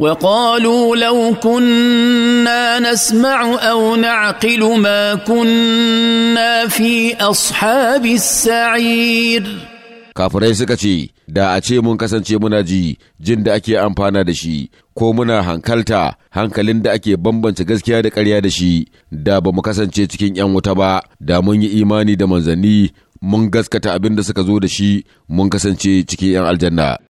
وقالوا لو كنا نسمع او نعقل ما كنا في اصحاب السعير kafirai suka ce da a ce mun kasance muna ji jin da ake amfana da shi ko muna hankalta hankalin da ake bambance gaskiya da ƙarya da shi da ba mu kasance cikin 'yan wuta ba da mun yi imani da manzanni mun gaskata abin da suka zo da shi mun kasance cikin 'yan aljanna